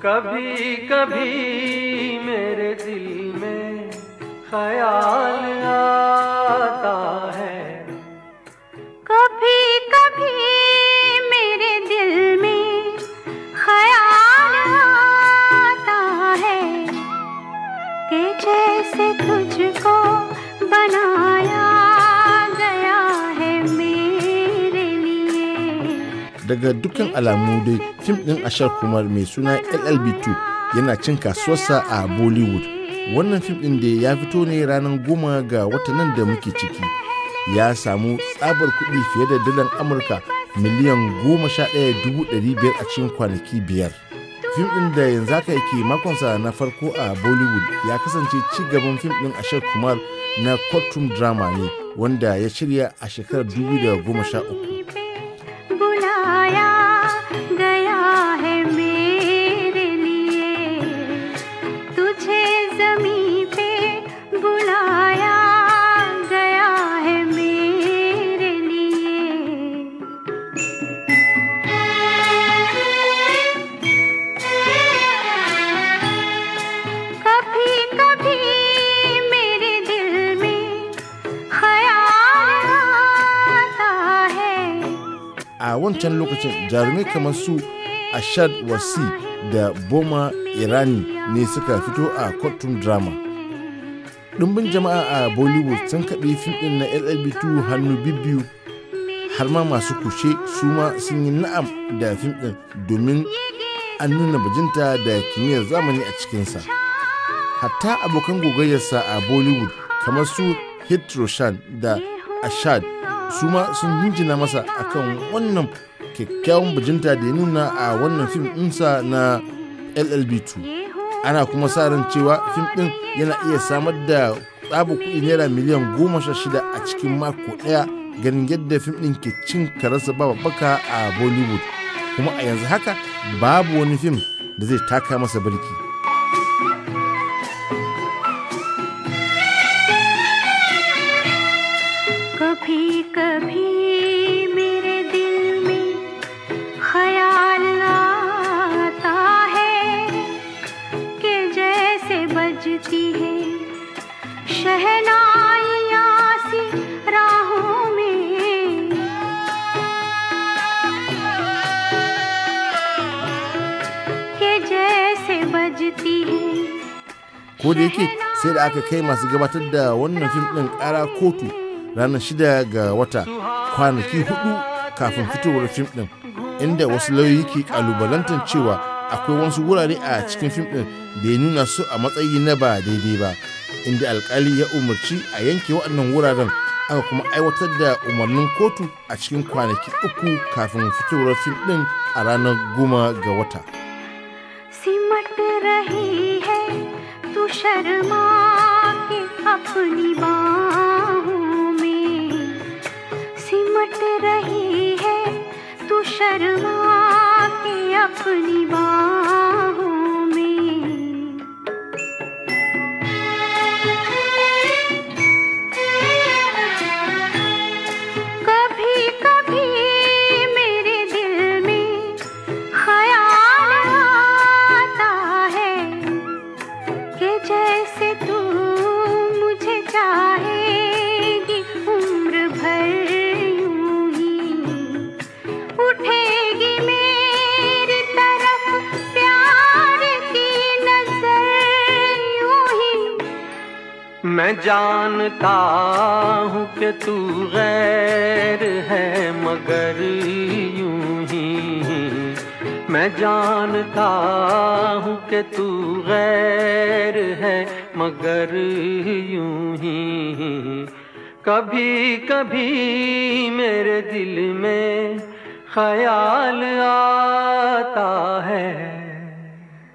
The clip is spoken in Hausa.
کبھی کبھی میرے دل میں خیال آتا ہے کبھی کبھی میرے دل میں خیال آتا ہے کہ جیسے تجھ کو بنا daga dukkan alamu dai fim ɗin ashar kumar mai suna llb2 yana cin kasuwarsa a bollywood wannan fim ɗin da ya fito ne ranar goma ga watanan da muke ciki ya samu tsabar kuɗi fiye da dalar amurka miliyan goma sha ɗaya dubu ɗari biyar a cikin kwanaki biyar fim ɗin da yanzu haka yake makonsa na farko a bollywood ya kasance ci gaban fim ɗin ashar kumar na courtroom drama ne wanda ya shirya a shekarar 2013 a wancan lokacin jarumai kamar su ashad wasi da boma irani ne suka fito a courtroom drama ɗumbin jama'a a bollywood sun kaɗe fim ɗin na llb2 hannu bibiyu har ma masu kushe su ma sun yi na'am da fim ɗin domin an nuna bajinta da kimiyyar zamani a cikinsa hatta abokan gogayyarsa a bollywood kamar su hit roshan da ashad su ma sun jinjina masa akan wannan kyakkyawan bajinta da ya nuna a wannan fim ɗinsa na llb2 ana kuma sa ran cewa fim ɗin yana iya samar da tsaba kuɗi naira miliyan goma sha shida a cikin mako ɗaya ganin yadda fim ɗin ke cin karasa ba babbaka a bollywood kuma a yanzu haka babu wani fim da zai taka masa birki बजती है शहनाइया सी राहों में के जैसे बजती है ko da sai da aka kai masu gabatar da wannan fim ɗin ƙara kotu ranar shida ga wata kwanaki hudu kafin fitowar fim ɗin inda wasu lauyoyi ke ƙalubalantar cewa akwai wasu wurare a cikin fim ɗin da ya nuna su a matsayi na ba daidai ba inda alkali ya umarci a yanke waɗannan wuraren aka kuma aiwatar da umarnin kotu a cikin kwanaki uku kafin fitowar fim ɗin a ranar goma ga wata. سے تو مجھے چاہے گی عمر بری اٹھے گی میر میں جانتا ہوں کہ تو غیر ہے مگر یوں ہی میں جانتا ہوں کہ تو غیر ہے مگر یوں ہی کبھی کبھی میرے دل میں خیال آتا ہے